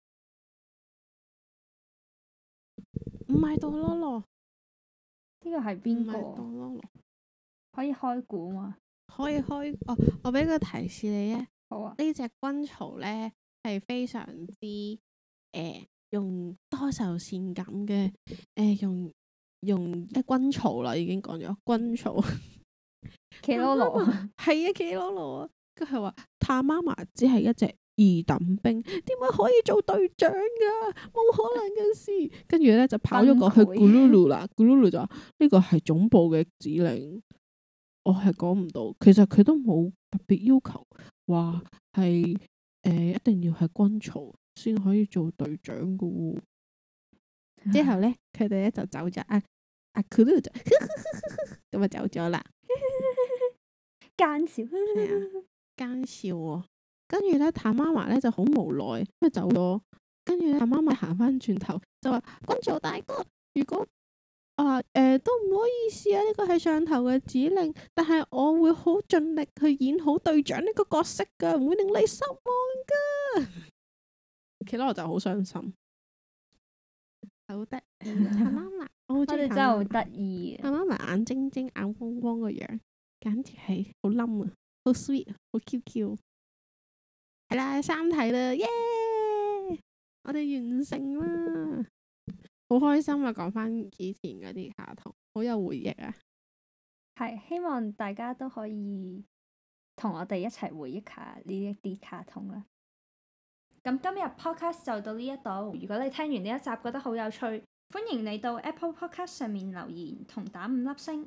唔係多羅羅，呢個係邊個？唔係多羅羅，可以開估嘛？可以開，哦、我我俾個提示你咧。啊、隻呢隻軍曹咧係非常之誒、呃，用多愁善感嘅誒、呃，用用軍曹啦，已經講咗軍曹。奇洛洛係啊，奇洛洛，佢係話：探媽媽只係一隻二等兵，點解可以做隊長噶？冇可能嘅事。跟住咧就跑咗過去咕嚕嚕，潰，咕嚕嚕啦，咕嚕嚕就話：呢、呢個係總部嘅指令，我係講唔到。其實佢都冇特別要求。話係誒，一定要係軍曹先可以做隊長噶喎、哦。之後咧，佢哋咧就走咗啊，阿 Cool 就咁啊 走咗了啦，奸 笑，奸、啊、笑、哦。跟住咧，探媽媽咧就好無奈，跟住走咗。跟住咧，探媽媽行翻轉頭就話：軍 曹大哥，如果啊，誒，都唔好意思啊，呢個係上頭嘅指令，但係我會好盡力去演好隊長呢個角色噶，唔會令你失望噶。其實我就好傷心，係好嗲，阿媽咪，我好中意你真係好得意，阿媽咪眼晶晶、眼光光個樣，簡直係好冧啊，好 sweet，好 QQ，係啦，三題啦，耶，我哋完成啦。好開心啊！講翻以前嗰啲卡通，好有回憶啊！係，希望大家都可以同我哋一齊回憶下呢一啲卡通啦。咁、嗯、今日 podcast 就到呢一度。如果你聽完呢一集覺得好有趣，歡迎你到 Apple Podcast 上面留言同打五粒星。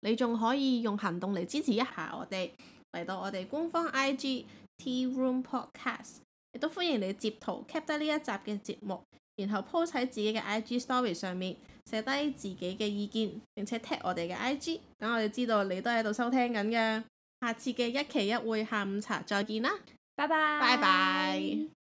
你仲可以用行動嚟支持一下我哋，嚟到我哋官方 IG Tea Room Podcast，亦都歡迎你接圖截圖 keep 得呢一集嘅節目。然後 po 喺自己嘅 IG story 上面，寫低自己嘅意見，並且 tag 我哋嘅 IG，等我哋知道你都喺度收聽緊嘅。下次嘅一期一會下午茶再見啦，拜拜拜拜。